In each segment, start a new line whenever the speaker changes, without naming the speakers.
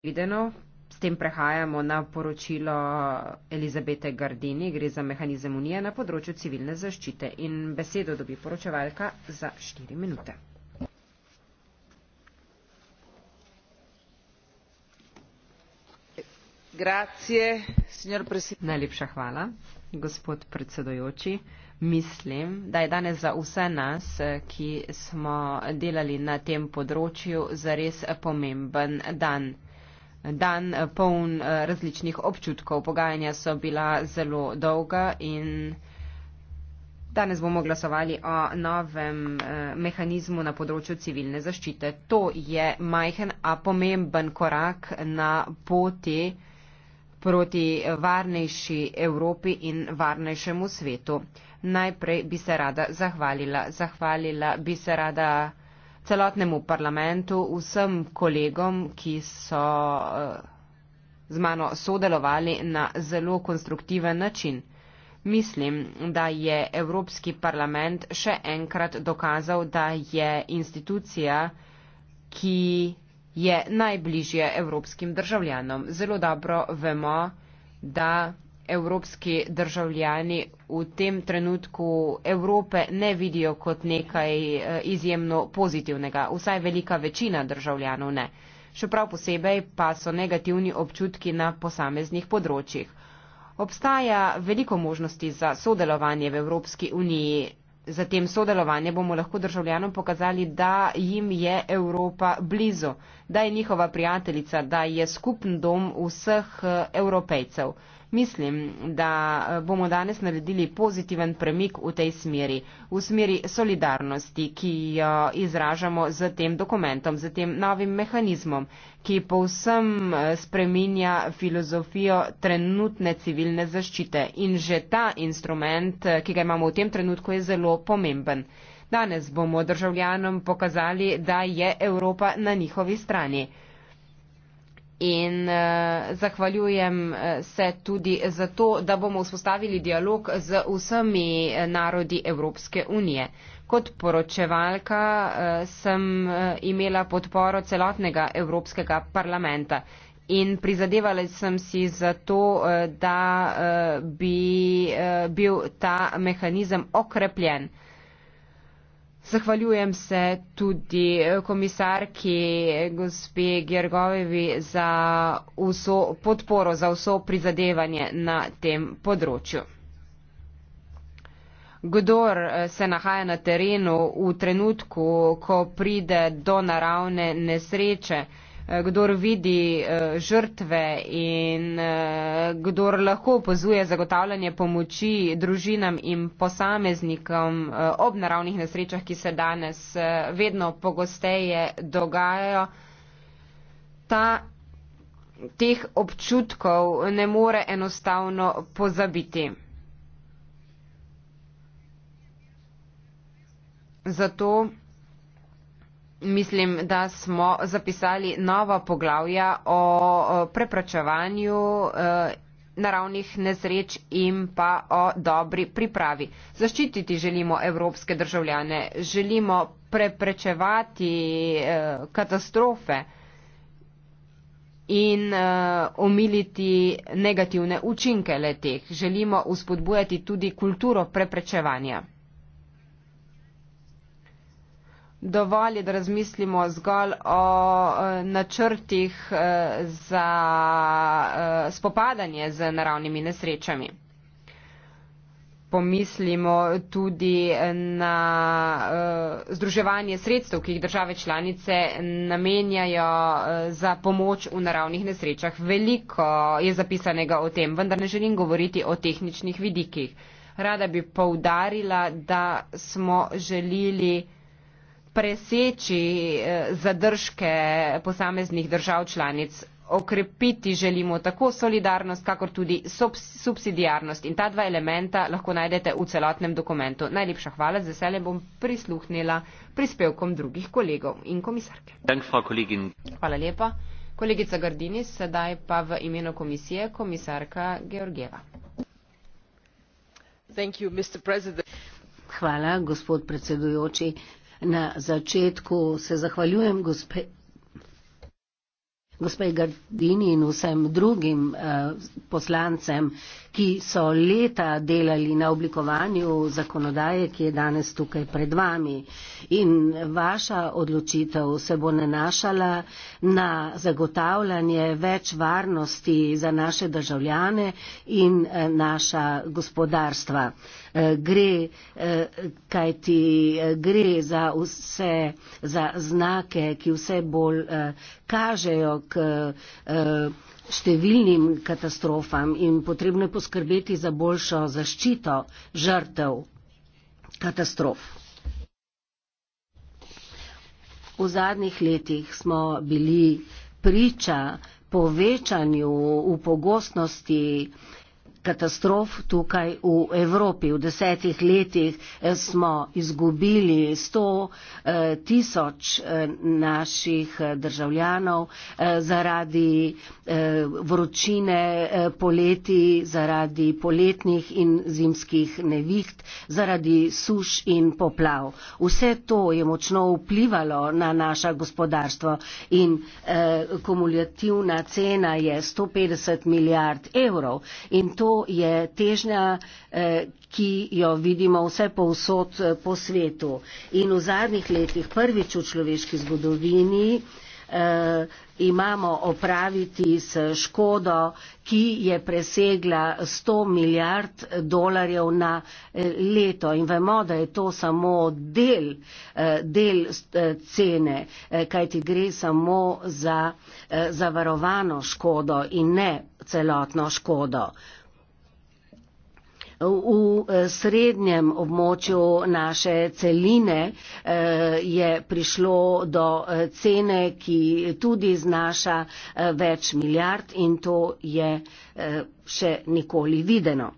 predvideno. S tem prehajamo na poročilo Elizabete Gardini, gre za mehanizem unije na področju civilne zaščite in besedo dobi poročevalka za 4 minute. Grazie, Najlepša hvala, gospod predsedojoči. Mislim, da je danes za vse nas, ki smo delali na tem področju, zares pomemben dan dan eh, poln eh, različnih občutkov. Pogajanja so bila zelo dolga in danes bomo glasovali o novem eh, mehanizmu na področju civilne zaščite. To je majhen, a pomemben korak na poti proti varnejši Evropi in varnejšemu svetu. Najprej bi se rada zahvalila. Zahvalila bi se rada celotnemu parlamentu, vsem kolegom, ki so eh, z mano sodelovali na zelo konstruktiven način. Mislim, da je Evropski parlament še enkrat dokazal, da je institucija, ki je najbližje evropskim državljanom. Zelo dobro vemo, da evropski državljani v tem trenutku Evrope ne vidijo kot nekaj eh, izjemno pozitivnega, vsaj velika večina državljanov ne. Še prav posebej pa so negativni občutki na posameznih področjih. Obstaja veliko možnosti za sodelovanje v Evropski uniji. Za tem sodelovanje bomo lahko državljanom pokazali, da jim je Evropa blizu, da je njihova prijateljica, da je skupen dom vseh eh, evropejcev. Mislim, da eh, bomo danes naredili pozitiven premik v tej smeri, v smeri solidarnosti, ki jo izražamo z tem dokumentom, z tem novim mehanizmom, ki povsem eh, spreminja filozofijo trenutne civilne zaščite. In že ta instrument, eh, ki ga imamo v tem trenutku, je zelo pomemben. Danes bomo državljanom pokazali, da je Evropa na njihovi strani in uh, zahvaljujem eh, se tudi za to, da bomo vzpostavili dialog z vsemi eh, narodi Evropske unije. Kot poročevalka uh, sem uh, imela podporo celotnega Evropskega parlamenta in prizadevala sem si za to, uh, da uh, bi uh, bil ta mehanizem okrepljen. Uh, Zahvaljujem se tudi eh, komisarki gospe Gergovevi za vso podporo, za vso prizadevanje na tem področju. Kdor eh, se nahaja na terenu v trenutku, ko pride do naravne nesreče, Eh, kdor vidi eh, žrtve in eh, kdor lahko opazuje zagotavljanje pomoči družinam in posameznikom ob naravnih nesrečah, ki se danes vedno pogosteje dogajajo, ta teh občutkov ne more enostavno pozabiti. Zato mislim, da smo zapisali nova poglavja o preprečevanju e, naravnih nesreč in pa o dobri pripravi. Zaščititi želimo evropske državljane, želimo preprečevati e, katastrofe in e, omiliti negativne učinke leteh. Želimo uspodbujati tudi kulturo preprečevanja. Dovolj je, da razmislimo zgolj o e, načrtih e, za e, spopadanje z naravnimi nesrečami. Pomislimo tudi na združevanje sredstev, ki jih države članice namenjajo za pomoč v naravnih nesrečah. Veliko je zapisanega o tem, vendar ne želim govoriti o tehničnih vidikih. Rada bi poudarila, da smo želili preseči eh, zadržke posameznih držav članic. Okrepiti želimo tako solidarnost, kakor tudi subsidijarnost. In ta dva elementa lahko najdete v celotnem dokumentu. Najlepša hvala, z veseljem bom prisluhnila prispevkom drugih kolegov in komisarke. Hvala lepa. Kolegica Gardini, sedaj pa v imenu komisije komisarka Georgieva.
Hvala, gospod predsedujoči na začetku se zahvaljujem gospe, gospe Gardini in vsem drugim eh, poslancem, ki so leta delali na oblikovanju zakonodaje, ki je danes tukaj pred vami. In vaša odločitev se bo nanašala na zagotavljanje več varnosti za naše državljane in eh, naša gospodarstva. Eh, Eh, gre, eh, kaj ti eh, gre za vse, za znake, ki vse bolj kažejo k številnim katastrofam in potrebno je poskrbeti za boljšo zaščito žrtev katastrof. V zadnjih letih smo bili priča povečanju v pogostnosti eh, katastrof tukaj v Evropi. V desetih letih eh, smo izgubili 100 eh, tisoč eh, naših državljanov zaradi vročine poleti, zaradi poletnih in zimskih neviht, zaradi suš in poplav. Vse to je močno vplivalo na naša gospodarstvo in kumulativna cena je 150 milijard evrov in to je težnja, eh, ki jo vidimo vse povsod eh, po svetu. In v zadnjih letih, prvič v človeški zgodovini, eh, imamo opraviti s škodo, ki je presegla 100 milijard dolarjev na leto. In vemo, da je to samo del, del cene, kajti gre samo za zavarovano škodo in ne celotno škodo. V eh, srednjem območju naše celine eh, je prišlo do eh, cene, ki tudi znaša več milijard in to je še nikoli videno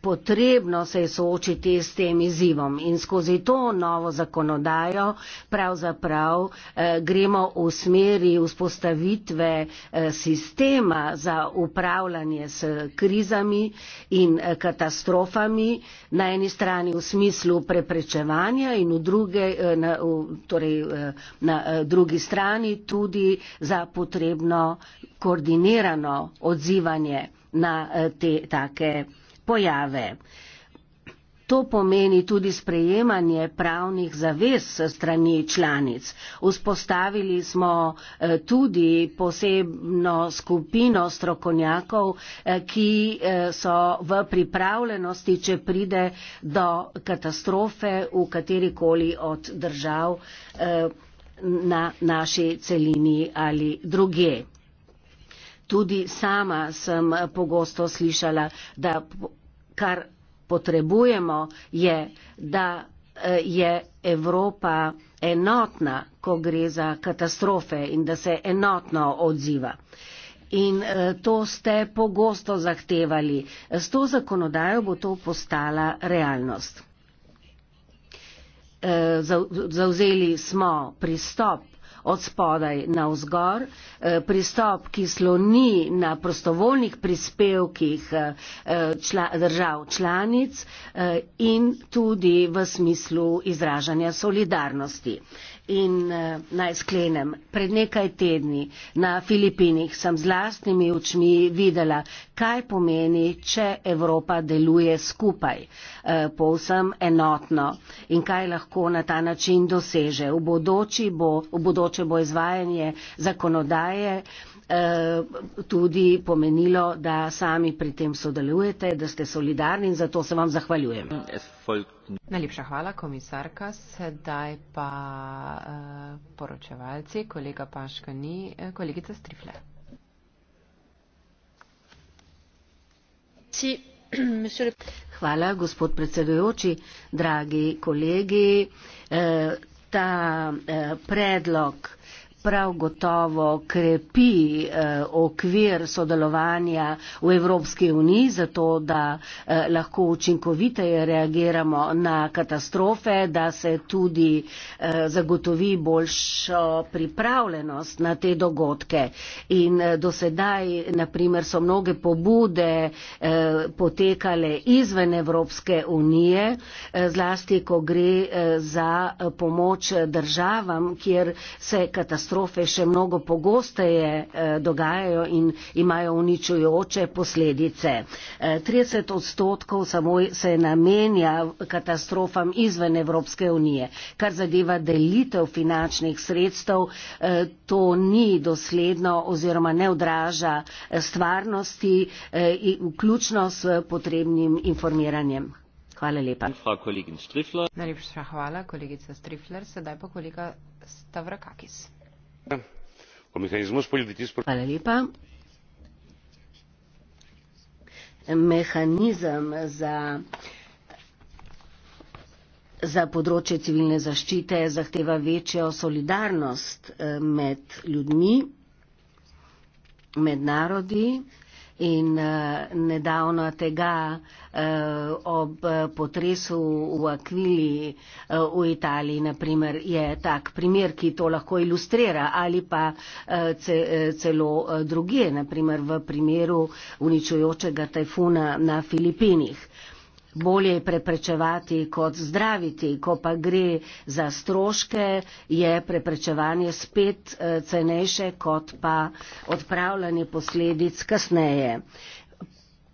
potrebno se je soočiti s tem izzivom in skozi to novo zakonodajo pravzaprav eh, gremo v smeri vzpostavitve eh, sistema za upravljanje s krizami in eh, katastrofami, na eni strani v smislu preprečevanja in v druge, eh, na, v, torej, eh, na eh, drugi strani tudi za potrebno koordinirano odzivanje na eh, te take eh, pojave. To pomeni tudi sprejemanje pravnih zavez strani članic. Vzpostavili smo eh, tudi posebno skupino strokovnjakov, eh, ki eh, so v pripravljenosti, če pride do katastrofe v katerikoli od držav na naši celini ali druge tudi sama sem pogosto slišala, da kar potrebujemo je, da eh, je Evropa enotna, ko gre za katastrofe in da se enotno odziva. In eh, to ste pogosto zahtevali. S to zakonodajo bo to postala realnost. Eh, zauzeli smo pristop od spodaj na vzgor, eh, pristop, ki sloni na prostovoljnih prispevkih eh, eh, držav članic in tudi v smislu izražanja solidarnosti. In uh, naj sklenem, pred nekaj tedni na Filipinih sem z lastnimi očmi videla, kaj pomeni, če Evropa deluje skupaj, uh, povsem enotno in kaj lahko na ta način doseže. V, bo, v bodoče bo izvajanje zakonodaje uh, Eh, tudi pomenilo, da sami pri tem sodelujete, da ste solidarni in zato se vam zahvaljujem. Najlepša hvala, komisarka.
Sedaj pa
eh, poročevalci, kolega Paška ni, eh, kolegica Strifle. Hvala, gospod predsedujoči, dragi kolegi. Ta predlog prav gotovo krepi eh, okvir sodelovanja v Evropski uniji, zato da eh, lahko učinkoviteje reagiramo na katastrofe, da se tudi eh, zagotovi boljšo pripravljenost na te dogodke. In dosedaj, naprimer, so mnoge pobude potekale izven Evropske unije, zlasti, ko gre za pomoč državam, kjer se katastrofe katastrofe še mnogo pogosteje eh, dogajajo in imajo uničujoče posledice. 30 eh, odstotkov samo se namenja katastrofam izven Evropske unije. Kar zadeva delitev finančnih sredstev, eh, to ni dosledno oziroma ne odraža stvarnosti, vključno s potrebnim informiranjem. Hvala lepa.
Najlepša hvala, kolegica Strifler. Sedaj pa kolega Stavrakakis
o mehanizmus politis
mehanizem za področje civilne zaščite zahteva večjo solidarnost eh, med ljudmi med narodi in uh, nedavno tega uh, ob potresu v Akvili uh, eh, v Italiji, naprimer, je tak primer, ki to lahko ilustrira ali pa uh, ce, celo uh, druge, naprimer v primeru uničujočega tajfuna na Filipinih. Uh, Bolje je preprečevati kot zdraviti, ko pa gre za stroške, je preprečevanje spet eh, cenejše kot pa odpravljanje posledic kasneje.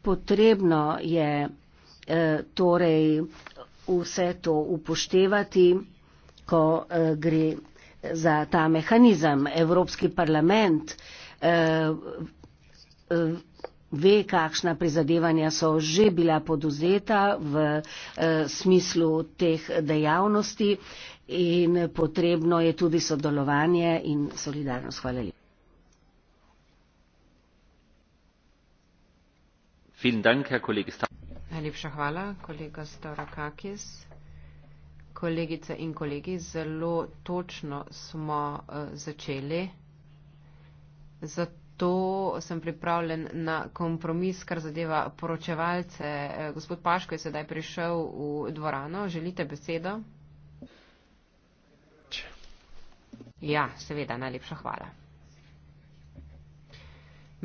Potrebno je eh, torej vse to upoštevati, ko eh, gre za ta mehanizem. Evropski parlament ve, kakšna prizadevanja so že bila poduzeta v eh, smislu teh dejavnosti in potrebno je tudi sodelovanje in solidarnost. Hvala lepa.
Najlepša hvala, kolega Storakakis. Kolegice in kolegi, zelo točno smo uh, začeli. Zato to sem pripravljen na kompromis, kar zadeva poročevalce. Eh, gospod Paško je sedaj prišel v dvorano. Želite besedo? Ja, seveda, najlepša hvala.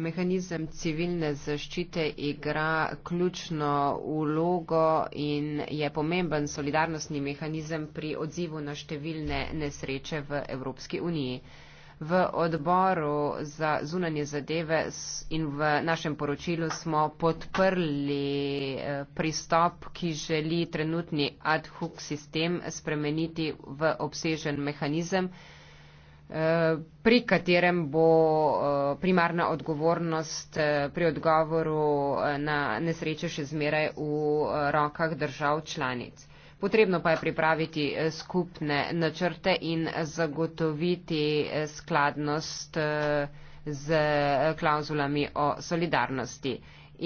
Mehanizem civilne zaščite igra ključno vlogo in je pomemben solidarnostni mehanizem pri odzivu na številne nesreče v Evropski uniji. V odboru za zunanje zadeve in v našem poročilu smo podprli eh, pristop, ki želi trenutni ad hoc sistem spremeniti v obsežen mehanizem, eh, pri katerem bo eh, primarna odgovornost pri odgovoru na nesreče še zmeraj v rokah držav članic. Potrebno pa je pripraviti eh, skupne načrte in zagotoviti eh, skladnost eh, z klauzulami o solidarnosti.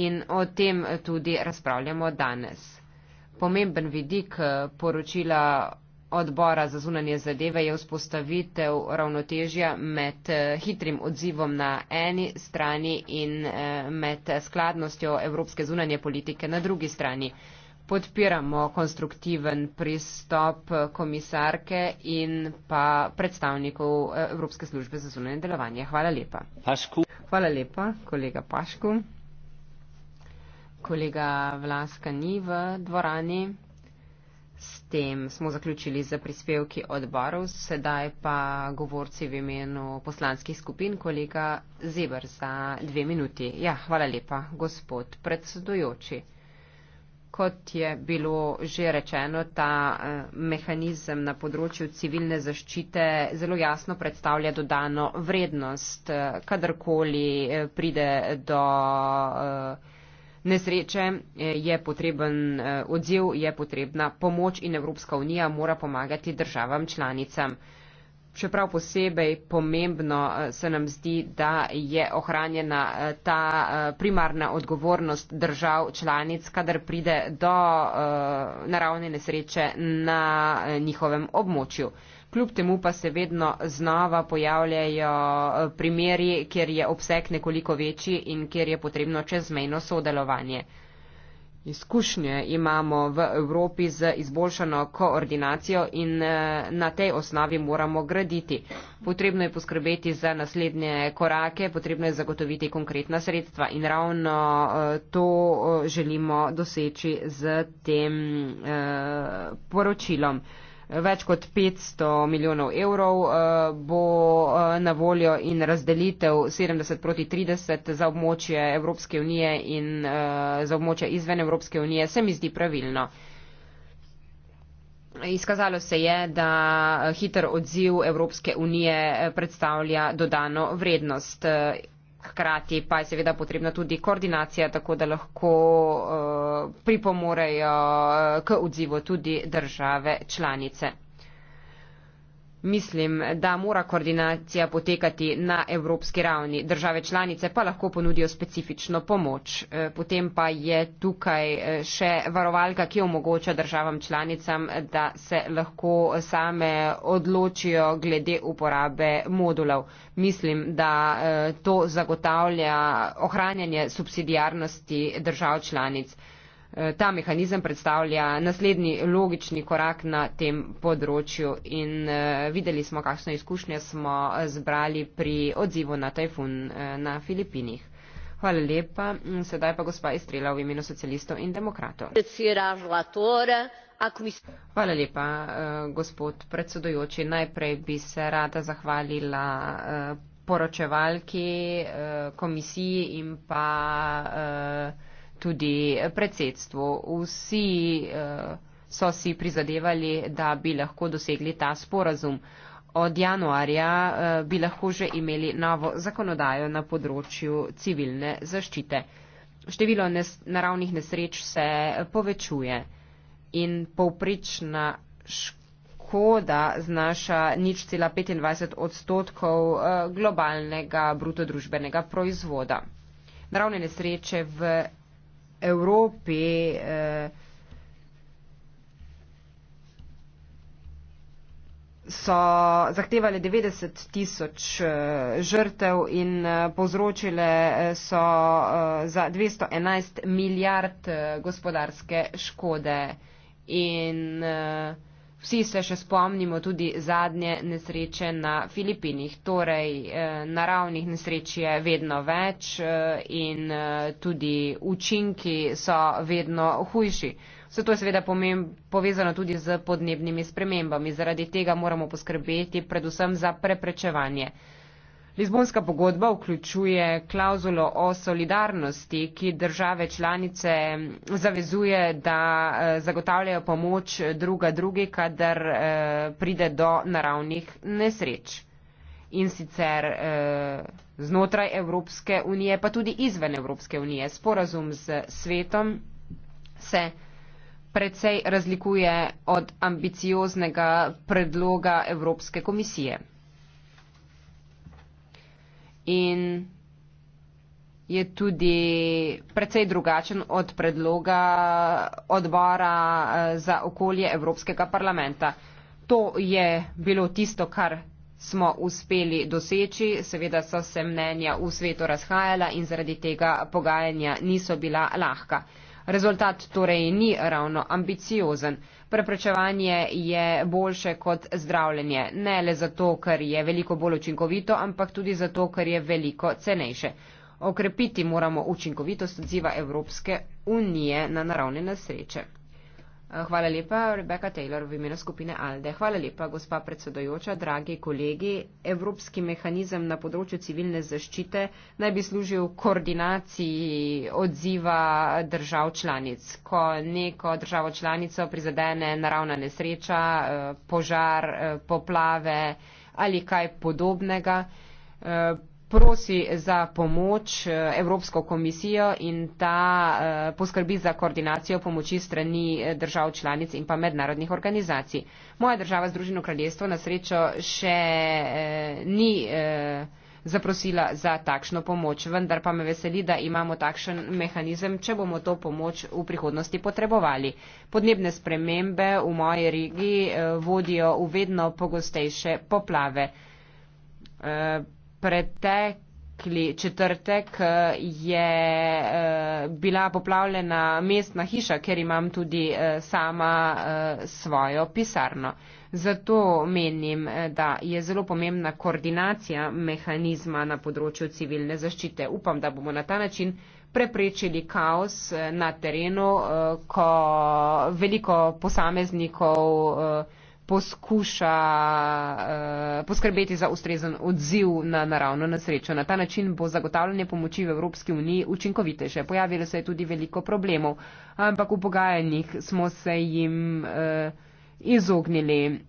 In o tem tudi razpravljamo danes. Pomemben vidik poročila odbora za zunanje zadeve je vzpostavitev ravnotežja med hitrim odzivom na eni strani in med skladnostjo evropske zunanje politike na drugi strani podpiramo konstruktiven pristop komisarke in pa predstavnikov eh, Evropske službe za zunanje delovanje. Hvala lepa. Pašku. Hvala lepa, kolega Pašku. Kolega Vlaska ni v dvorani. S tem smo zaključili za prispevki odborov, sedaj pa govorci v imenu poslanskih skupin, kolega Zebr za dve minuti. Ja, hvala lepa, gospod predsedujoči kot je bilo že rečeno, ta eh, mehanizem na področju civilne zaščite zelo jasno predstavlja dodano vrednost, eh, kadarkoli eh, pride do. Nesreče je potreben odziv, je potrebna pomoč in Evropska unija mora pomagati državam članicam. Še prav posebej pomembno eh, se nam zdi, da je ohranjena eh, ta eh, primarna odgovornost držav članic, kadar pride do naravne nesreče na njihovem območju. Kljub temu pa se vedno znova pojavljajo primeri, kjer je obseg nekoliko večji in kjer je potrebno čezmejno sodelovanje. Izkušnje imamo v Evropi z izboljšano koordinacijo in eh, na tej osnovi moramo graditi. Potrebno je poskrbeti za naslednje korake, potrebno je zagotoviti konkretna sredstva in ravno eh, to eh, želimo doseči z tem poročilom več kot 500 milijonov evrov eh, bo eh, na voljo in razdelitev 70 proti 30 za območje Evropske unije in eh, za območje izven Evropske unije, se mi zdi pravilno. Izkazalo se je, da hiter odziv Evropske unije predstavlja dodano vrednost hkrati pa je seveda potrebna tudi koordinacija, tako da lahko uh, pripomorejo eh, k odzivu tudi države članice. Mislim, da mora koordinacija potekati na evropski ravni. Države članice pa lahko ponudijo specifično pomoč. Eh, potem pa je tukaj eh, še varovalka, ki omogoča državam članicam, da se lahko same odločijo glede uporabe modulov. Mislim, da eh, to zagotavlja ohranjanje subsidijarnosti držav članic. Eh, ta mehanizem predstavlja naslednji logični korak na tem področju in eh, videli smo, kakšne izkušnje smo zbrali pri odzivu na tajfun eh, na Filipinih. Hvala lepa. Mm, sedaj pa gospa Estrela v imenu socialistov in demokratov. Hvala lepa, gospod predsedujoči. Najprej bi se rada zahvalila poročevalki komisiji in pa tudi predsedstvu. Vsi eh, so si prizadevali, da bi lahko dosegli ta sporazum. Od januarja eh, bi lahko že imeli novo zakonodajo na področju civilne zaščite. Število nes naravnih nesreč se povečuje in povprečna škoda znaša nič cela 25 odstotkov eh, globalnega brutodružbenega proizvoda. Naravne nesreče v Evropi eh, so zahtevali 90 tisoč eh, žrtev in eh, povzročile so za 211 milijard gospodarske škode. In uh, Vsi se še spomnimo tudi zadnje nesreče na Filipinih. Torej, eh, naravnih nesreč je vedno več eh, in eh, tudi učinki so vedno hujši. Vse to je seveda povezano tudi z podnebnimi spremembami. Zaradi tega moramo poskrbeti predvsem za preprečevanje. Lizbonska pogodba vključuje klauzulo o solidarnosti, ki države članice zavezuje, da eh, zagotavljajo pomoč druga drugi, kadar eh, pride do naravnih nesreč. In sicer eh, znotraj Evropske unije, pa tudi izven Evropske unije. Sporazum z svetom se predvsej razlikuje od ambicioznega predloga Evropske komisije in je tudi precej drugačen od predloga odbora eh, za okolje Evropskega parlamenta. To je bilo tisto, kar smo uspeli doseči. Seveda so se mnenja v svetu razhajala in zaradi tega pogajanja niso bila lahka. Rezultat torej ni ravno ambiciozen. Preprečevanje je boljše kot zdravljenje, ne le zato, ker je veliko bolj učinkovito, ampak tudi zato, ker je veliko cenejše. Okrepiti moramo učinkovitost odziva Evropske unije na naravne nesreče. Hvala lepa, Rebeka Taylor v imenu skupine Alde. Hvala lepa, gospa predsedojoča, dragi kolegi. Evropski mehanizem na področju civilne zaščite naj bi služil koordinaciji odziva držav članic. Ko neko državo članico prizadene naravna nesreča, eh, požar, eh, poplave ali kaj podobnega, eh, prosi za pomoč eh, Evropsko komisijo in ta eh, poskrbi za koordinacijo pomoči strani eh, držav članic in pa mednarodnih organizacij. Moja država Združeno kraljestvo na srečo še ni zaprosila za takšno pomoč, vendar pa me veseli, da imamo takšen mehanizem, če bomo to pomoč v prihodnosti potrebovali. Podnebne spremembe v moji regiji vodijo v vedno pogostejše poplave pretek. Četrtek eh, je eh, bila poplavljena mestna hiša, ker imam tudi eh, sama svojo pisarno. Zato menim, da je zelo pomembna koordinacija mehanizma na področju civilne zaščite. Upam, da bomo na ta način preprečili kaos na terenu, ko veliko posameznikov poskuša uh, poskrbeti za ustrezen odziv na naravno nasrečo. Na ta način bo zagotavljanje pomoči v Evropski uniji učinkovitejše. Pojavilo se je tudi veliko problemov, ampak v pogajanjih smo se jim uh, izognili.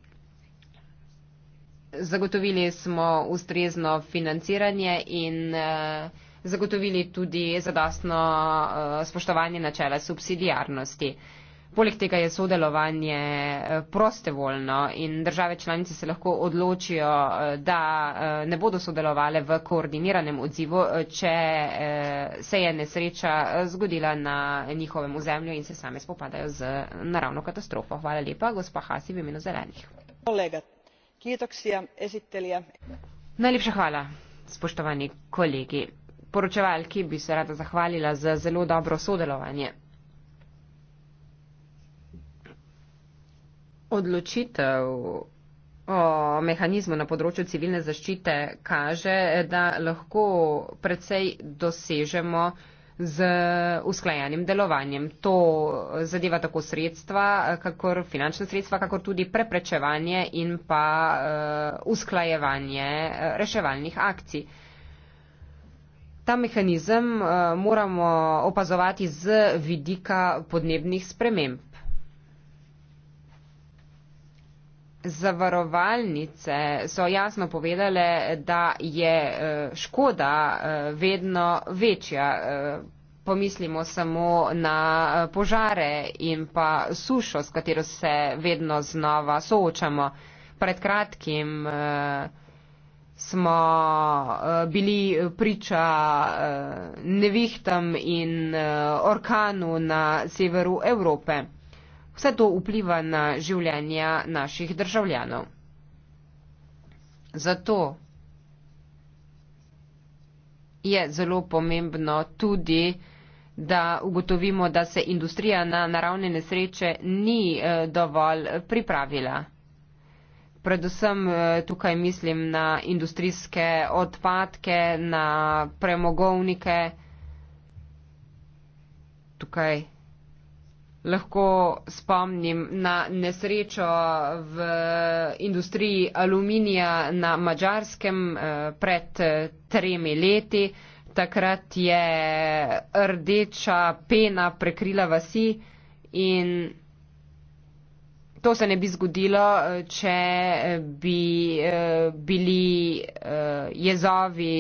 Zagotovili smo ustrezno financiranje in uh, zagotovili tudi zadostno uh, spoštovanje načela subsidijarnosti. Uh, Poleg tega je sodelovanje eh, prostovoljno in države članice se lahko odločijo, eh, da eh, ne bodo sodelovali v koordiniranem odzivu, če se je nesreča zgodila na njihovem ozemlju in se same spopadajo z naravno katastrofo. Hvala lepa, gospa Hasi, v imenu zelenih. Najlepša hvala, spoštovani kolegi. Poročevalki bi se rada zahvalila za zelo dobro sodelovanje. odločitev o mehanizmu na področju civilne zaščite kaže, da lahko predvsej dosežemo z usklajanjem delovanjem. To zadeva tako sredstva, kakor finančna sredstva, kakor tudi preprečevanje in pa uh, usklajevanje uh, reševalnih akcij. Ta mehanizem uh, moramo opazovati z vidika podnebnih sprememb. Zavarovalnice so jasno povedale, da je eh, škoda eh, vedno večja. Eh, pomislimo samo na požare in pa sušo, s katero se vedno znova soočamo. Pred kratkim smo bili priča nevihtam in orkanu na severu Evrope. Vse to vpliva na življenja naših državljanov. Zato je zelo pomembno tudi, da ugotovimo, da se industrija na naravne nesreče ni eh, dovolj pripravila. Predvsem eh, tukaj mislim na industrijske odpadke, na premogovnike. Tukaj lahko spomnim na nesrečo v industriji aluminija na Mačarskem eh, pred eh, tremi leti. Takrat je rdeča pena prekrila vasi in to se ne bi zgodilo, eh, če bi bili jezovi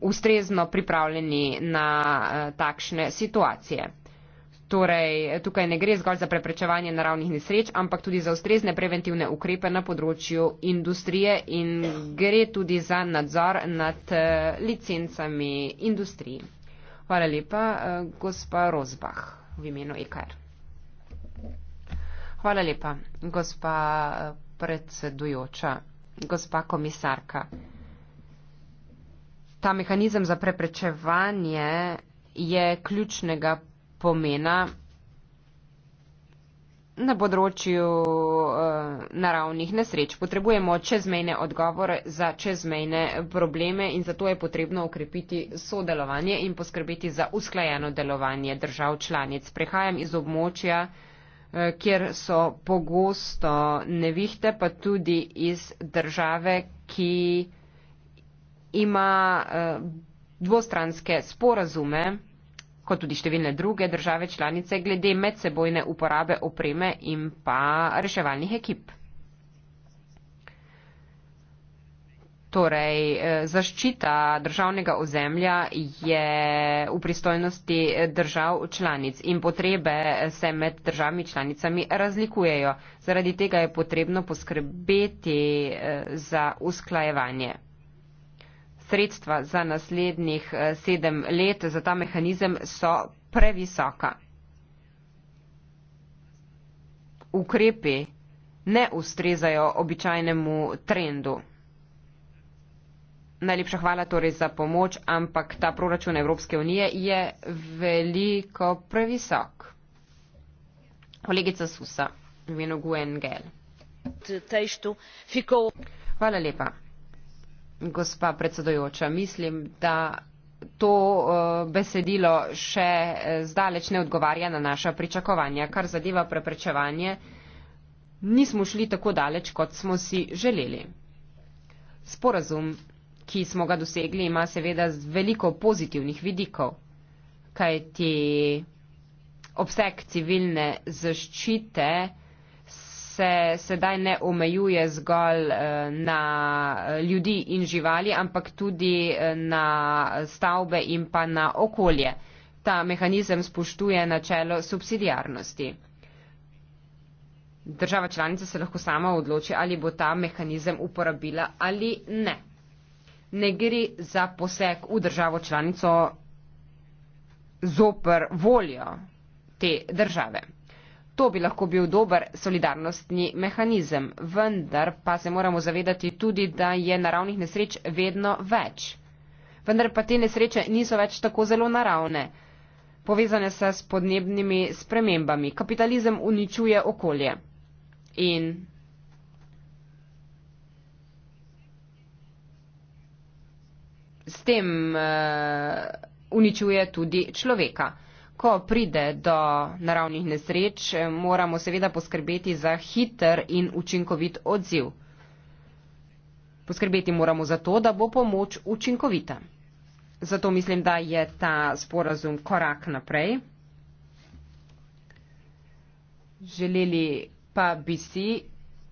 ustrezno pripravljeni na takšne situacije. Torej, tukaj ne gre zgolj za preprečevanje naravnih nesreč, ampak tudi za ustrezne preventivne ukrepe na področju industrije in gre tudi za nadzor nad eh, licencami industriji. Hvala lepa, eh, gospa Rozbah, v imenu IKR. E Hvala lepa, gospa eh, predsedujoča, gospa komisarka. Ta mehanizem za preprečevanje je ključnega pomena na področju uh, naravnih nesreč. Potrebujemo čezmejne odgovore za čezmejne probleme in zato je potrebno ukrepiti sodelovanje in poskrbeti za usklajeno delovanje držav članic. Prehajam iz območja, uh, kjer so pogosto nevihte, pa tudi iz države, ki ima uh, dvostranske sporazume kot tudi številne druge države članice, glede medsebojne uporabe opreme in pa reševalnih ekip. Torej, eh, zaščita državnega ozemlja je v pristojnosti eh, držav članic in potrebe eh, se med državami članicami razlikujejo. Zaradi tega je potrebno poskrbeti za usklajevanje sredstva za naslednjih eh, sedem let za ta mehanizem so previsoka. Ukrepi ne ustrezajo običajnemu trendu. Najlepša hvala torej za pomoč, ampak ta proračun Evropske unije je veliko previsok. Kolegica Susa, imenu Guengel. Hvala lepa. Gospa predsedojoča, mislim, da to eh, besedilo še eh, zdaleč ne odgovarja na naša pričakovanja, kar zadeva preprečevanje. Nismo šli tako daleč, kot smo si želeli. Sporazum, ki smo ga dosegli, ima seveda veliko pozitivnih vidikov, kajti obseg civilne zaščite se sedaj ne omejuje zgolj eh, na eh, ljudi in živali, ampak tudi eh, na stavbe in pa na okolje. Ta mehanizem spoštuje načelo subsidijarnosti. Država članica se lahko sama odloči, ali bo ta mehanizem uporabila ali ne. Ne gre za poseg v državo članico zoper voljo te države. To bi lahko bil dober solidarnostni mehanizem, vendar pa se moramo zavedati tudi, da je naravnih nesreč vedno več. Vendar pa te nesreče niso več tako zelo naravne, povezane se s podnebnimi spremembami. Kapitalizem uničuje okolje. In s tem uh, uničuje tudi človeka ko pride do naravnih nesreč, moramo seveda poskrbeti za hiter in učinkovit odziv. Poskrbeti moramo za to, da bo pomoč učinkovita. Zato mislim, da je ta sporazum korak naprej. Želeli pa bi si,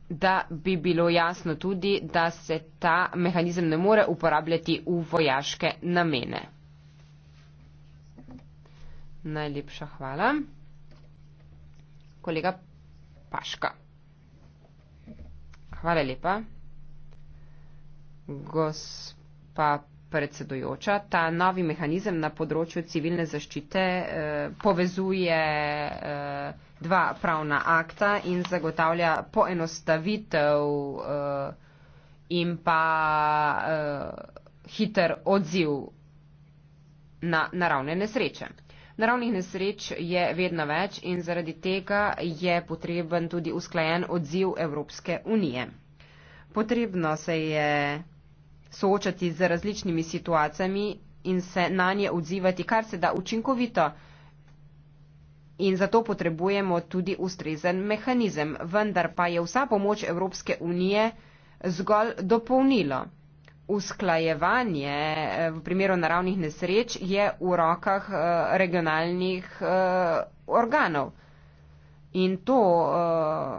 da bi bilo jasno tudi, da se ta mehanizem ne more uporabljati v vojaške namene. Najlepša hvala. Kolega Paška. Hvala lepa. Gospa predsedujoča, ta novi mehanizem na področju civilne zaščite eh, povezuje eh, dva pravna akta in zagotavlja poenostavitev eh, in pa eh, hiter odziv na naravne nesreče. Naravnih nesreč je vedno več in zaradi tega je potreben tudi usklajen odziv Evropske unije. Potrebno se je soočati z različnimi situacijami in se na nje odzivati kar se da učinkovito. In zato potrebujemo tudi ustrezen mehanizem, vendar pa je vsa pomoč Evropske unije zgolj dopolnilo usklajevanje eh, v primeru naravnih nesreč je v rokah eh, regionalnih eh, organov. In to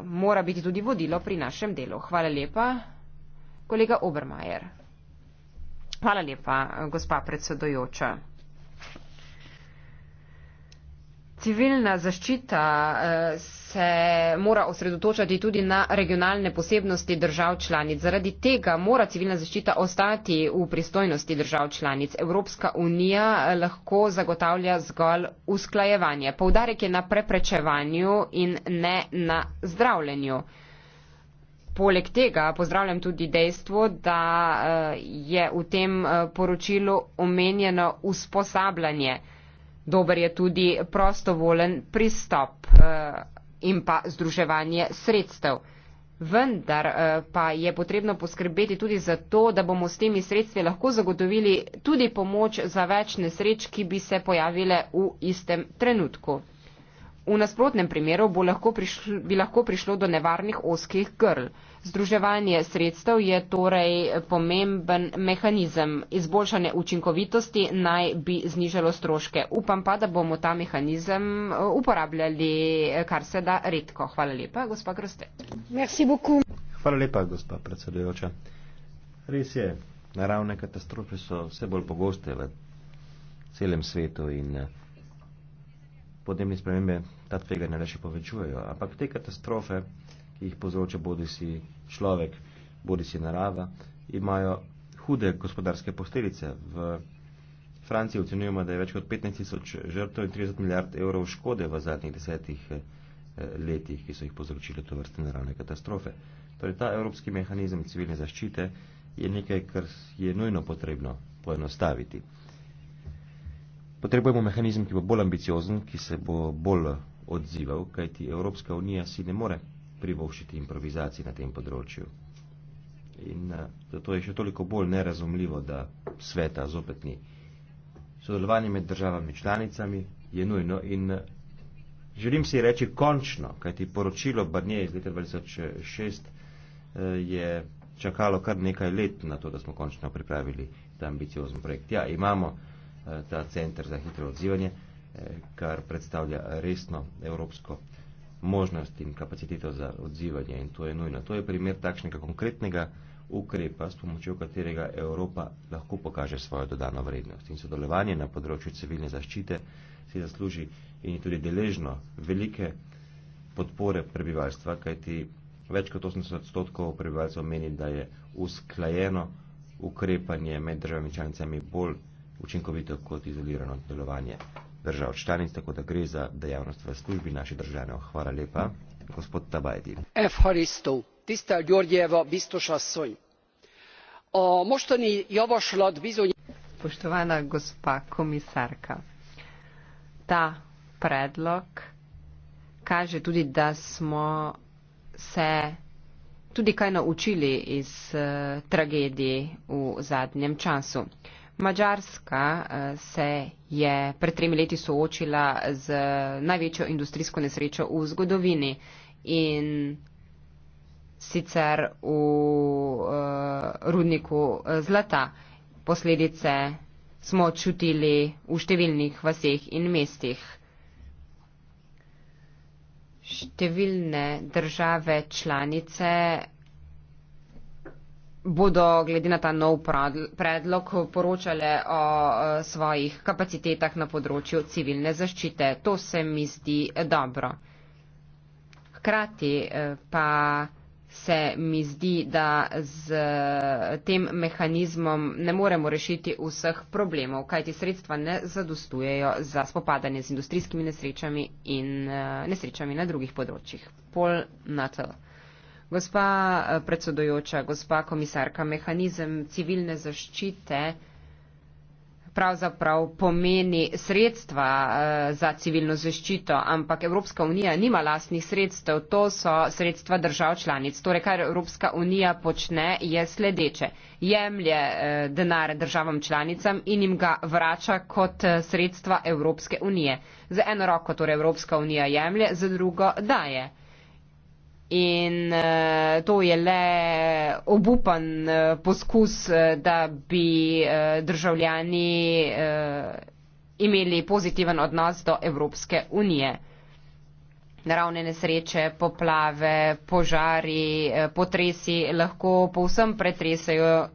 mora biti tudi vodilo pri našem delu. Hvala lepa, kolega Obermajer. Hvala lepa, gospa predsedojoča. Civilna zaščita se mora osredotočati tudi na regionalne posebnosti držav članic. Zaradi tega mora civilna zaščita ostati v pristojnosti držav članic. Evropska unija lahko zagotavlja zgolj usklajevanje. Povdarek je na preprečevanju in ne na zdravljenju. Poleg tega pozdravljam tudi dejstvo, da eh, je v tem eh, poročilu omenjeno usposabljanje. Dober je tudi prostovolen pristop. Eh, in pa združevanje sredstev. Vendar eh, pa je potrebno poskrbeti tudi za to, da bomo s temi sredstvi lahko zagotovili tudi pomoč za več nesreč, ki bi se pojavile v istem trenutku. V nasprotnem primeru bi lahko, prišlo, bi lahko prišlo do nevarnih oskih grl. Združevanje sredstev je torej pomemben mehanizem. Izboljšanje učinkovitosti naj bi znižalo stroške. Upam pa, da bomo ta mehanizem eh, uporabljali eh, kar se da redko. Hvala lepa, gospa Groste.
Hvala lepa, gospa predsedujoča. Res je, naravne katastrofe so vse bolj pogoste v celem svetu in eh, podnebne spremembe ta tveganja le še povečujejo. Ampak te katastrofe, ki jih povzroča bodi si človek, bodi si narava, imajo hude gospodarske posledice. V Franciji ocenjujemo, da je več kot 15 tisoč žrtev in 30 milijard evrov škode v zadnjih desetih eh, letih, ki so jih povzročile to vrste naravne katastrofe. Torej, ta evropski mehanizem civilne zaščite je nekaj, kar je nujno potrebno poenostaviti. Potrebujemo mehanizem, ki bo bolj ambiciozen, ki se bo bolj odzival, kajti Evropska unija si ne more privoščiti improvizacij na tem področju. In eh, zato je še toliko bolj nerazumljivo, da sveta zopet ni. Sodelovanje med državami članicami je nujno in eh, želim si reči končno, kajti poročilo Barnije iz leta 2006 eh, je čakalo kar nekaj let na to, da smo končno pripravili ta ambiciozen projekt. Ja, imamo Eh, ta center za hitro odzivanje, eh, kar predstavlja resno evropsko možnost in kapaciteto za odzivanje in to je nujno. To je primer takšnega konkretnega ukrepa, s pomočjo katerega Evropa lahko pokaže svojo dodano vrednost. In sodelovanje na področju civilne zaščite si zasluži in je tudi deležno velike podpore prebivalstva, kajti več kot 80 odstotkov prebivalcev meni, da je usklajeno ukrepanje med državami članicami bolj učinkovito kot izolirano delovanje držav članic, tako da gre za dejavnost v službi naših državljanov. Hvala lepa, gospod Tabajdi.
F. Haristov, tiste Ljordjeva, bistoša soj. A moštani javašlat bizonj... Poštovana gospa komisarka, ta predlog kaže tudi, da smo se tudi kaj naučili iz eh, tragedije v zadnjem času. Mačarska eh, se je pred tremi leti soočila z največjo industrijsko nesrečo v zgodovini in sicer v uh, rudniku eh, zlata. Posledice smo čutili v številnih vaseh in mestih. Številne države članice bodo glede na ta nov predlog poročale o eh, svojih kapacitetah na področju civilne zaščite. To se mi zdi eh, dobro. Hkrati eh, pa se mi zdi, da z tem mehanizmom ne moremo rešiti vseh problemov, kajti sredstva ne zadostujejo za spopadanje z industrijskimi nesrečami in nesrečami na drugih področjih. Pol na to. Gospa eh, predsedojoča, gospa komisarka, mehanizem civilne zaščite pravzaprav pomeni sredstva eh, za civilno zaščito, ampak Evropska unija nima lastnih sredstev, to so sredstva držav članic. Torej, kar Evropska unija počne, je sledeče. Jemlje eh, denar državam članicam in jim ga vrača kot sredstva Evropske unije. Za eno roko torej Evropska unija jemlje, za drugo daje. In uh, to je le obupan uh, poskus, uh, da bi uh, državljani uh, imeli pozitiven odnos do Evropske unije. Naravne nesreče, poplave, požari, uh, potresi lahko povsem pretresajo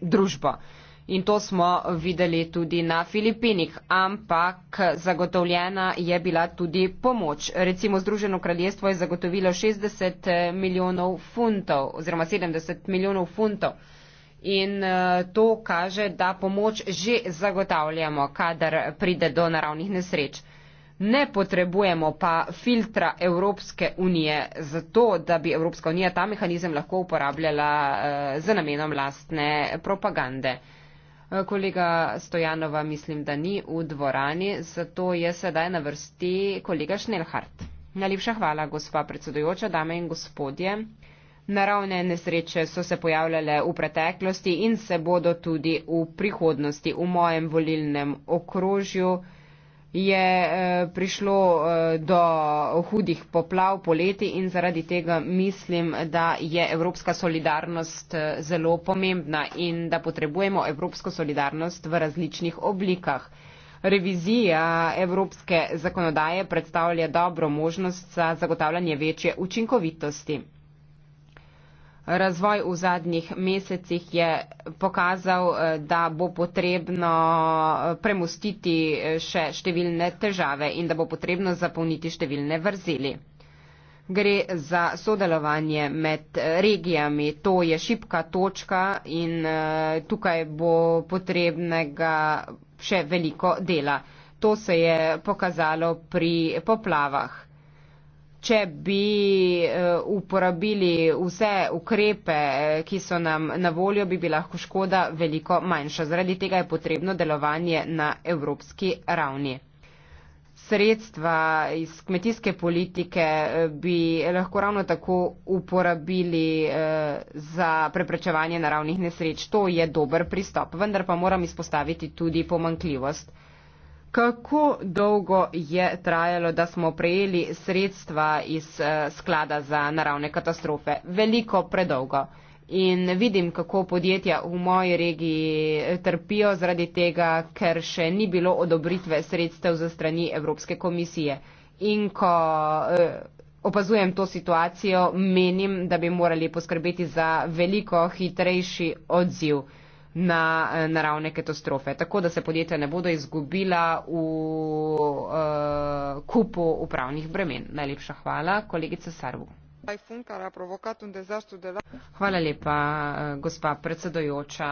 družbo. Uh, In to smo videli tudi na Filipinih, ampak zagotovljena je bila tudi pomoč. Recimo Združeno kraljestvo je zagotovilo 60 milijonov funtov oziroma 70 milijonov funtov. In eh, to kaže, da pomoč že zagotavljamo, kadar pride do naravnih nesreč. Ne potrebujemo pa filtra Evropske unije za to, da bi Evropska unija ta mehanizem lahko uporabljala eh, za namenom lastne propagande. Eh, kolega Stojanova mislim, da ni v dvorani, zato je sedaj na vrsti kolega Šnelhart. Najlepša hvala, gospa predsedujoča, dame in gospodje. Naravne nesreče so se pojavljale v preteklosti in se bodo tudi v prihodnosti v mojem volilnem okrožju je eh, prišlo eh, do hudih poplav poleti in zaradi tega mislim, da je evropska solidarnost eh, zelo pomembna in da potrebujemo evropsko solidarnost v različnih oblikah. Revizija evropske zakonodaje predstavlja dobro možnost za zagotavljanje večje učinkovitosti. Razvoj v zadnjih mesecih je pokazal, eh, da bo potrebno eh, premustiti eh, še številne težave in da bo potrebno zapolniti številne vrzeli. Gre za sodelovanje med regijami, to je šipka točka in tukaj bo potrebnega še veliko dela. To se je pokazalo pri poplavah če bi eh, uporabili vse ukrepe, eh, ki so nam na voljo, bi bila škoda veliko manjša. Zaradi tega je potrebno delovanje na evropski ravni. Sredstva iz kmetijske politike eh, bi lahko ravno tako uporabili za preprečevanje naravnih nesreč. To je dober pristop, vendar pa moram izpostaviti tudi pomankljivost. Kako dolgo je trajalo, da smo prejeli sredstva iz eh, sklada za naravne katastrofe? Veliko predolgo. In vidim, kako podjetja v moji regiji eh, trpijo zaradi tega, ker še ni bilo odobritve sredstev za strani Evropske komisije. In ko eh, opazujem to situacijo, menim, da bi morali poskrbeti za veliko hitrejši odziv na eh, naravne katastrofe. Tako da se podjetja ne bodo izgubila v uh, kupu upravnih bremen. Najlepša hvala, kolegica Sarvu. Hvala lepa, eh, gospa predsedojoča.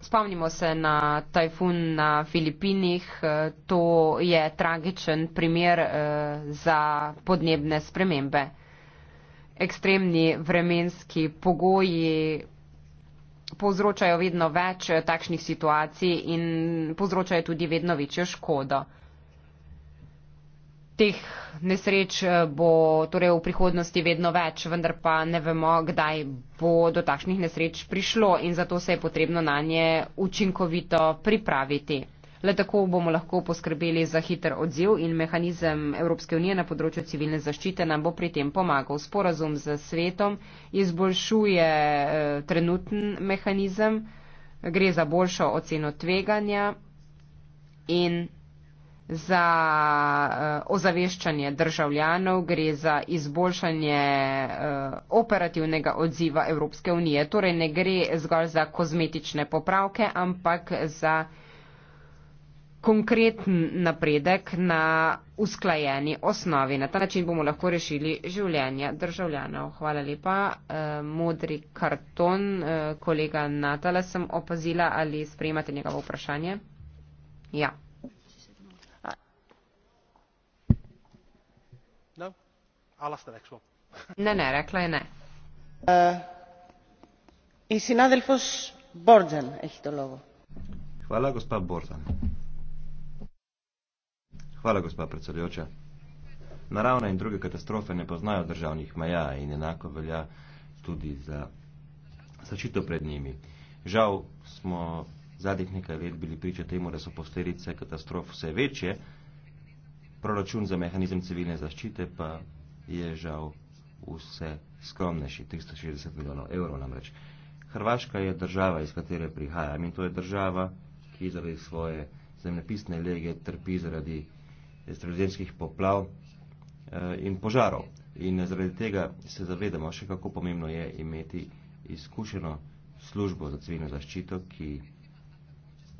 Spomnimo se na tajfun na Filipinih. To je tragičen primer za podnebne spremembe. Ekstremni vremenski pogoji povzročajo vedno več eh, takšnih situacij in povzročajo tudi vedno večjo škodo. Teh nesreč eh, bo torej v prihodnosti vedno več, vendar pa ne vemo, kdaj bo do takšnih nesreč prišlo in zato se je potrebno na nje učinkovito pripraviti. Le tako bomo lahko poskrbeli za hiter odziv in mehanizem Evropske unije na področju civilne zaščite nam bo pri tem pomagal. Sporazum z svetom izboljšuje eh, trenutni mehanizem, gre za boljšo oceno tveganja in za eh, ozaveščanje državljanov, gre za izboljšanje eh, operativnega odziva Evropske unije. Torej ne gre zgolj za kozmetične popravke, ampak za konkreten napredek na usklajeni osnovi. Na ta način bomo lahko rešili življenja državljanov. Hvala lepa. Eh, modri karton, eh, kolega Natala, sem opazila, ali sprejmate njegovo vprašanje. Ja. No? Ne, ne, rekla je ne.
Eh, no,
Hvala, gospa Borzan. Hvala, gospa predsedujoča. Naravne in druge katastrofe ne poznajo državnih meja in enako velja tudi za zaščito pred njimi. Žal smo zadnjih nekaj let bili priča temu, da so posledice katastrof vse večje, proračun za mehanizem civilne zaščite pa je žal vse skromnejši, 360 milijonov evrov namreč. Hrvaška je država, iz katere prihajam in to je država, ki zaradi svoje zemljepisne lege trpi zaradi sredozemskih poplav eh, in požarov. In eh, zaradi tega se zavedamo še, kako pomembno je imeti izkušeno službo za civilno zaščito, ki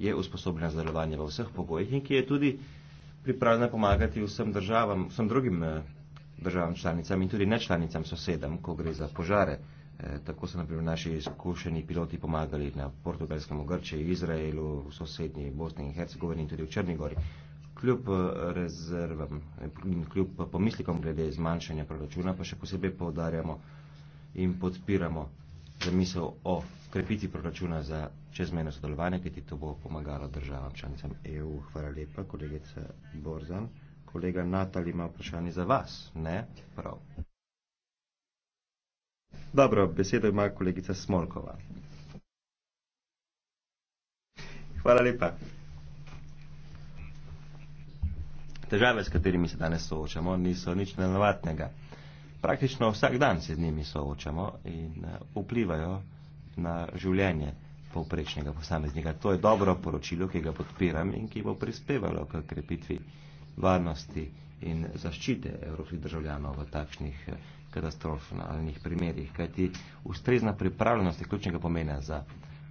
je usposobljena za delovanje v vseh pogojih in ki je tudi pripravljena pomagati vsem državam, vsem drugim eh, državam članicam in tudi nečlanicam sosedam, ko gre za požare. E, tako so naprimer naši izkušeni piloti pomagali na portugalskem Grčiji, Izraelu, v sosednji Bosni in Hercegovini in tudi v Črnigori kljub eh, rezervam eh, in kljub pomislikom glede zmanjšanja proračuna, pa še posebej povdarjamo in podpiramo zamisel o krepiti proračuna za čezmejno sodelovanje, ki ti to bo pomagalo državam članicam EU. Hvala lepa, kolegica Borzan. Kolega Natal ima vprašanje za vas, ne? Prav. Dobro, besedo ima kolegica Smolkova. Hvala lepa. težave, s katerimi se danes soočamo, niso nič nenavadnega. Praktično vsak dan se z njimi soočamo in eh, vplivajo na življenje povprečnega posameznika. To je dobro poročilo, ki ga podpiram in ki bo prispevalo k krepitvi varnosti in zaščite evropskih državljanov v takšnih eh, katastrofnih primerih, kajti ustrezna pripravljenost je ključnega pomena za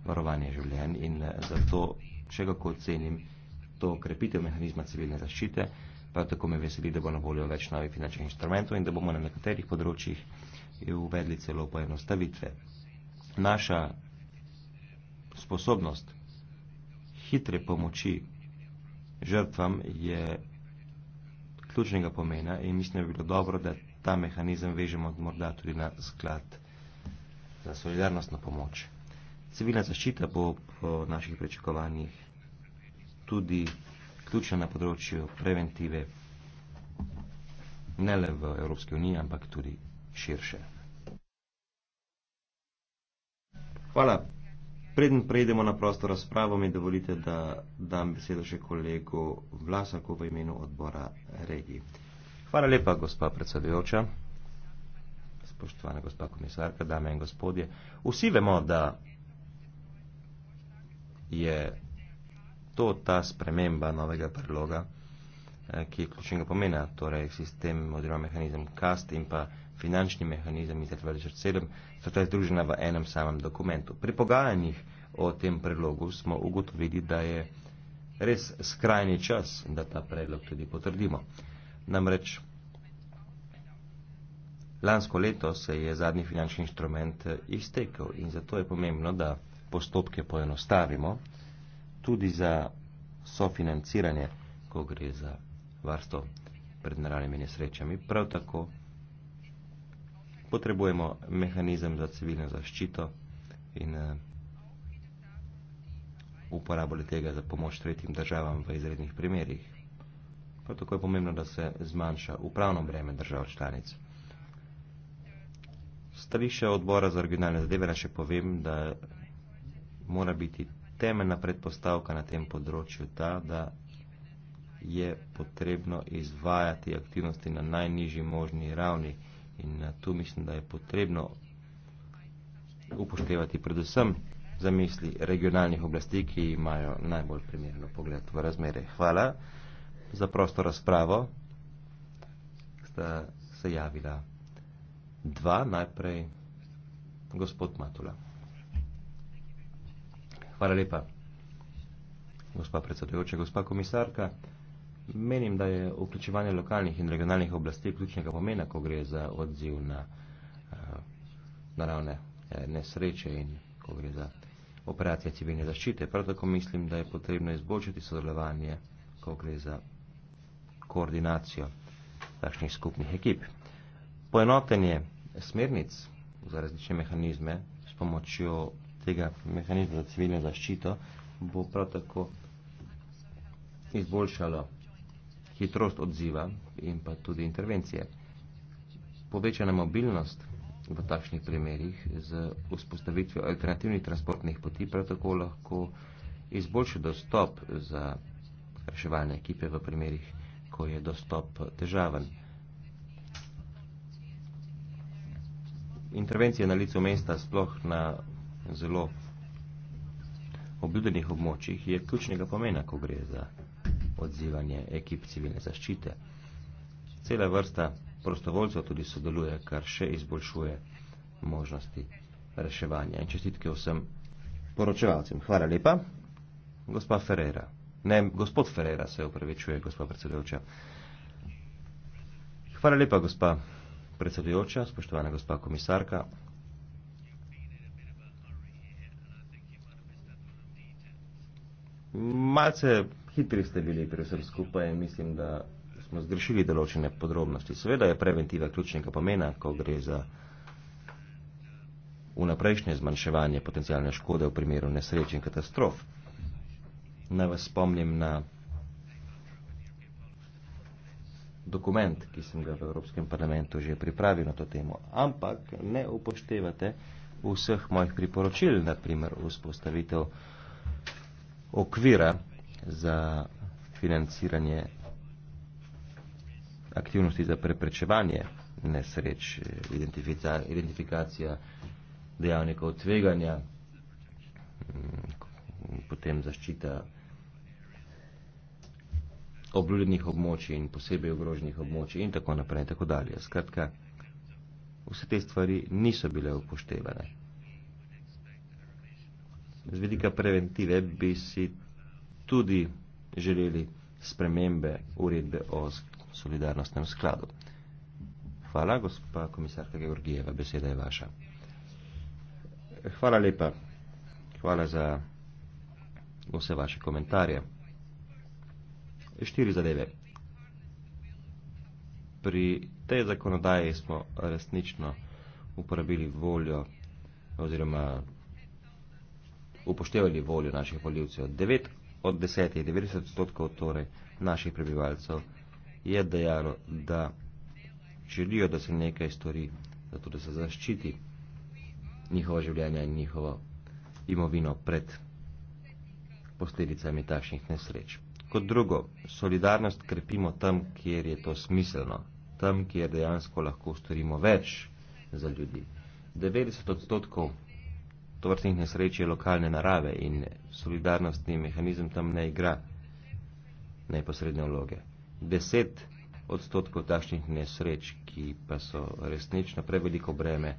varovanje življenj in eh, zato še kako ocenim to krepitev mehanizma civilne zaščite. Prav tako me veseli, da bo na voljo več novih finančnih instrumentov in da bomo na nekaterih področjih uvedli celo poenostavitve. Naša sposobnost hitre pomoči žrtvam je ključnega pomena in mislim, da bi bilo dobro, da ta mehanizem vežemo morda tudi na sklad za solidarnostno pomoč. Civilna zaščita bo po naših prečakovanjih tudi ključna na področju preventive, ne le v Evropski uniji, ampak tudi širše. Hvala. Preden prejdemo na prosto razpravo, mi dovolite, da dam besedo še kolegu Vlasaku v imenu odbora regij. Hvala lepa, gospa predsedujoča, spoštovana gospa komisarka, dame in gospodje. Vsi vemo, da je to ta sprememba novega priloga, eh, ki je ključnega pomena, torej sistem oziroma mehanizem KAST in pa finančni mehanizem iz 2007, sta ta združena v enem samem dokumentu. Pri pogajanjih o tem predlogu smo ugotovili, da je res skrajni čas, da ta predlog tudi potrdimo. Namreč lansko leto se je zadnji finančni inštrument eh, iztekel in zato je pomembno, da postopke poenostavimo tudi za sofinanciranje, ko gre za varstvo pred naravnimi nesrečami. Prav tako potrebujemo mehanizem za civilno zaščito in eh, uporabo tega za pomoč tretjim državam v izrednih primerjih. Prav tako je pomembno, da se zmanjša upravno breme držav članic. Stališče odbora za regionalne zadeve naše povem, da mora biti temeljna predpostavka na tem področju ta, da je potrebno izvajati aktivnosti na najnižji možni ravni in tu mislim, da je potrebno upoštevati predvsem za misli regionalnih oblasti, ki imajo najbolj primerno pogled v razmere. Hvala za prosto razpravo. Sta se javila dva, najprej gospod Matula. Hvala lepa. Gospa predsedujoča, gospa komisarka, menim, da je vključevanje lokalnih in regionalnih oblasti ključnega pomena, ko gre za odziv na uh, naravne eh, nesreče in ko gre za operacije civilne zaščite. Prav tako mislim, da je potrebno izboljšati sodelovanje, ko gre za koordinacijo takšnih skupnih ekip. Poenotenje smernic za različne mehanizme s pomočjo tega mehanizma za civilno zaščito bo prav tako izboljšalo hitrost odziva in pa tudi intervencije. Povečana mobilnost v takšnih primerjih z vzpostavitvijo alternativnih transportnih poti prav tako lahko izboljša dostop za reševalne ekipe v primerjih, ko je dostop težaven. Intervencije na licu mesta, sploh na zelo obljudenih območjih je ključnega pomena, ko gre za odzivanje ekip civilne zaščite. Cela vrsta prostovoljcev tudi sodeluje, kar še izboljšuje možnosti reševanja. In čestitke vsem poročevalcem. Hvala lepa, gospa Ferreira. Ne, gospod Ferreira se upravičuje, gospa predsedujoča. Hvala lepa, gospa predsedujoča, spoštovana gospa komisarka. malce hitri ste bili pri vsem skupaj in mislim, da smo zgrešili določene podrobnosti. Seveda je preventiva ključnega pomena, ko gre za vnaprejšnje zmanjševanje potencijalne škode v primeru nesreč in katastrof. Naj vas spomnim na dokument, ki sem ga v Evropskem parlamentu že pripravil na to temo, ampak ne upoštevate vseh mojih priporočil, naprimer vzpostavitev okvira za financiranje aktivnosti za preprečevanje nesreč, identifikacija dejavnikov tveganja, mm, potem zaščita obljudenih območij in posebej ogroženih območij in tako naprej in tako dalje. Skratka, vse te stvari niso bile upoštevane z vidika preventive bi si tudi želeli spremembe uredbe o solidarnostnem skladu. Hvala, gospa komisarka Georgijeva, beseda je vaša. Hvala lepa. Hvala za vse vaše komentarje. Štiri zadeve. Pri tej zakonodaji smo resnično uporabili voljo oziroma upoštevali voljo naših voljivcev. 9 od 10, 90 odstotkov torej naših prebivalcev je dejalo, da želijo, da se nekaj stori, zato da se zaščiti njihovo življenje in njihovo imovino pred posledicami takšnih nesreč. Kot drugo, solidarnost krepimo tam, kjer je to smiselno, tam, kjer dejansko lahko storimo več za ljudi. 90 odstotkov tovrstnih nesreč je lokalne narave in solidarnostni mehanizem tam ne igra neposredne vloge. Deset odstotkov takšnih nesreč, ki pa so resnično preveliko breme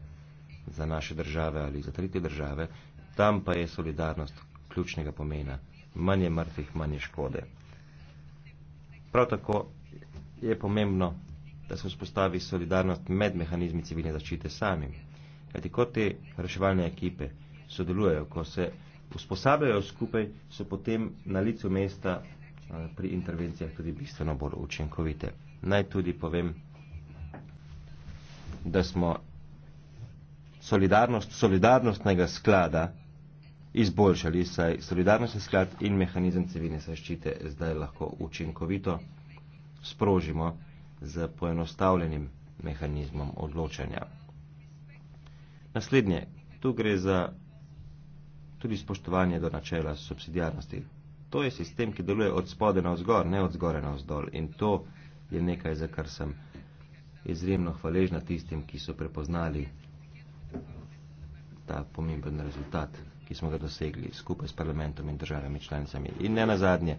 za naše države ali za tretje države, tam pa je solidarnost ključnega pomena. Manje mrtvih, manje škode. Prav tako je pomembno, da se vzpostavi solidarnost med mehanizmi civilne zaščite samim. Kajti kot te reševalne ekipe, sodelujejo, ko se usposabljajo skupaj, so potem na licu mesta eh, pri intervencijah tudi bistveno bolj učinkovite. Naj tudi povem, da smo solidarnost solidarnostnega sklada izboljšali, saj solidarnostni sklad in mehanizem civilne zaščite zdaj lahko učinkovito sprožimo z poenostavljenim mehanizmom odločanja. Naslednje, tu gre za tudi spoštovanje do načela subsidijarnosti. To je sistem, ki deluje od spode na vzgor, ne od zgore na vzdolj. In to je nekaj, za kar sem izjemno hvaležna tistim, ki so prepoznali ta pomemben rezultat, ki smo ga dosegli skupaj s parlamentom in državami članicami. In ne na zadnje,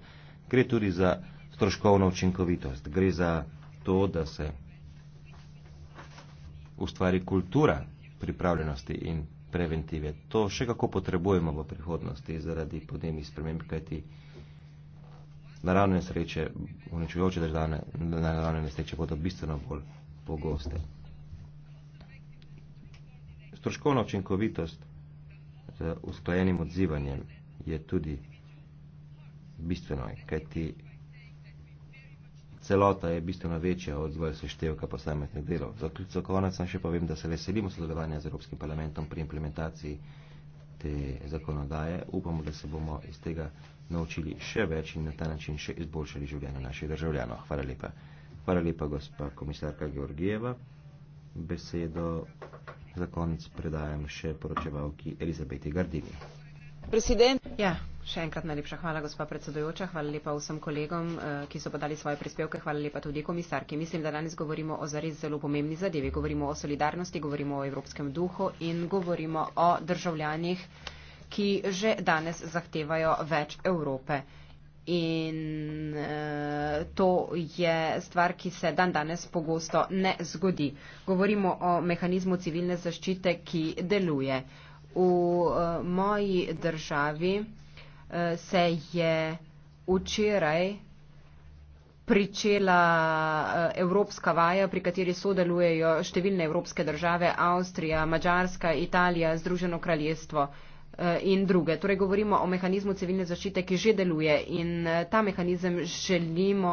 gre tudi za stroškovno učinkovitost. Gre za to, da se ustvari kultura pripravljenosti in preventive. To še kako potrebujemo v prihodnosti zaradi podnebnih sprememb, kajti naravne sreče, uničujoče državne naravne nesreče bodo bistveno bolj pogoste. Stroškovna učinkovitost z usklajenim odzivanjem je tudi bistveno, kajti celota je bistveno večja od zgolj seštevka posameznih delov. Za konec sem še povem, da se veselimo sodelovanja z Evropskim parlamentom pri implementaciji te zakonodaje. Upamo, da se bomo iz tega naučili še več in na ta način še izboljšali življenje naših državljanov. Hvala lepa. Hvala lepa, gospa komisarka Georgijeva. Besedo za konec predajam še poročevalki Elizabeti Gardini.
Presidente. Ja. Še enkrat najlepša hvala, gospa predsedojoča. Hvala lepa vsem kolegom, eh, ki so podali svoje prispevke. Hvala lepa tudi komisarki. Mislim, da danes govorimo o zares zelo pomembni zadevi. Govorimo o solidarnosti, govorimo o evropskem duhu in govorimo o državljanih, ki že danes zahtevajo več Evrope. In e, to je stvar, ki se dan danes pogosto ne zgodi. Govorimo o mehanizmu civilne zaščite, ki deluje. V e, moji državi se je včeraj pričela eh, evropska vaja, pri kateri sodelujejo številne evropske države, Avstrija, Mačarska, Italija, Združeno kraljestvo, Eh, in druge. Torej govorimo o mehanizmu civilne zaščite, ki že deluje in eh, ta mehanizem želimo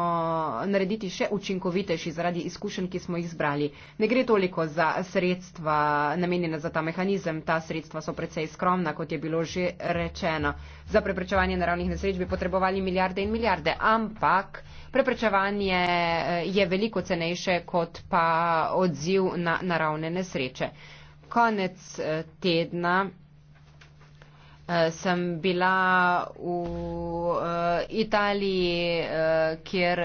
narediti še učinkovitejši zaradi izkušenj, ki smo jih zbrali. Ne gre toliko za sredstva namenjene za ta mehanizem, ta sredstva so precej skromna, kot je bilo že rečeno. Za preprečevanje naravnih nesreč bi potrebovali milijarde in milijarde, ampak preprečevanje eh, je veliko cenejše kot pa odziv na naravne nesreče. Konec tedna Eh, sem bila v eh, Italiji, eh, kjer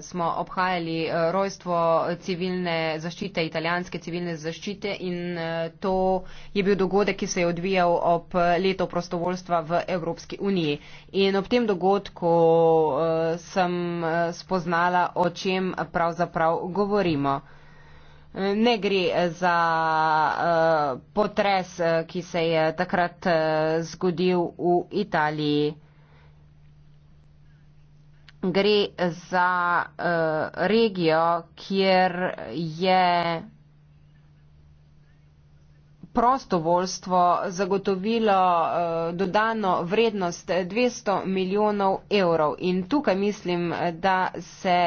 smo obhajali rojstvo civilne zaščite, italijanske civilne zaščite in to je bil dogodek, ki se je odvijal ob leto prostovoljstva v Evropski uniji. In ob tem dogodku sem spoznala, o čem pravzaprav govorimo. Ne gre eh, za eh, potres, eh, ki se je takrat zgodil v Italiji. Gre za regijo, kjer je prostovoljstvo zagotovilo dodano vrednost 200 milijonov evrov. In tukaj mislim, da se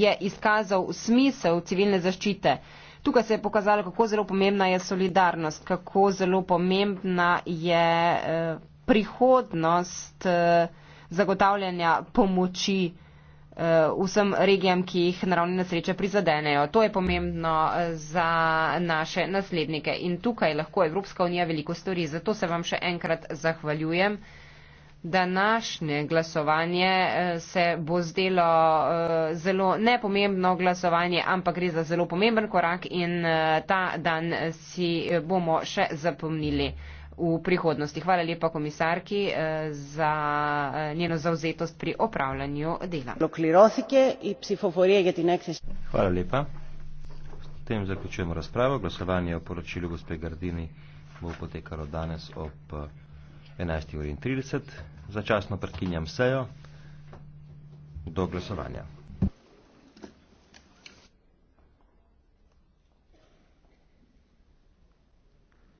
je izkazal smisel civilne zaščite. Tukaj se je pokazalo, kako zelo pomembna je solidarnost, kako zelo pomembna je eh, prihodnost eh, zagotavljanja pomoči eh, vsem regijam, ki jih naravne nesreče prizadenejo. To je pomembno za naše naslednike in tukaj lahko Evropska unija veliko stori. Zato se vam še enkrat zahvaljujem današnje glasovanje eh, se bo zdelo eh, zelo nepomembno glasovanje, ampak gre za zelo pomemben korak in eh, ta dan si bomo še zapomnili v prihodnosti. Hvala lepa komisarki za njeno zauzetost pri opravljanju dela.
Hvala lepa. S tem zaključujemo razpravo. Glasovanje o poročilu gospe Gardini bo potekalo danes ob 11.30 začasno prekinjam sejo do glasovanja.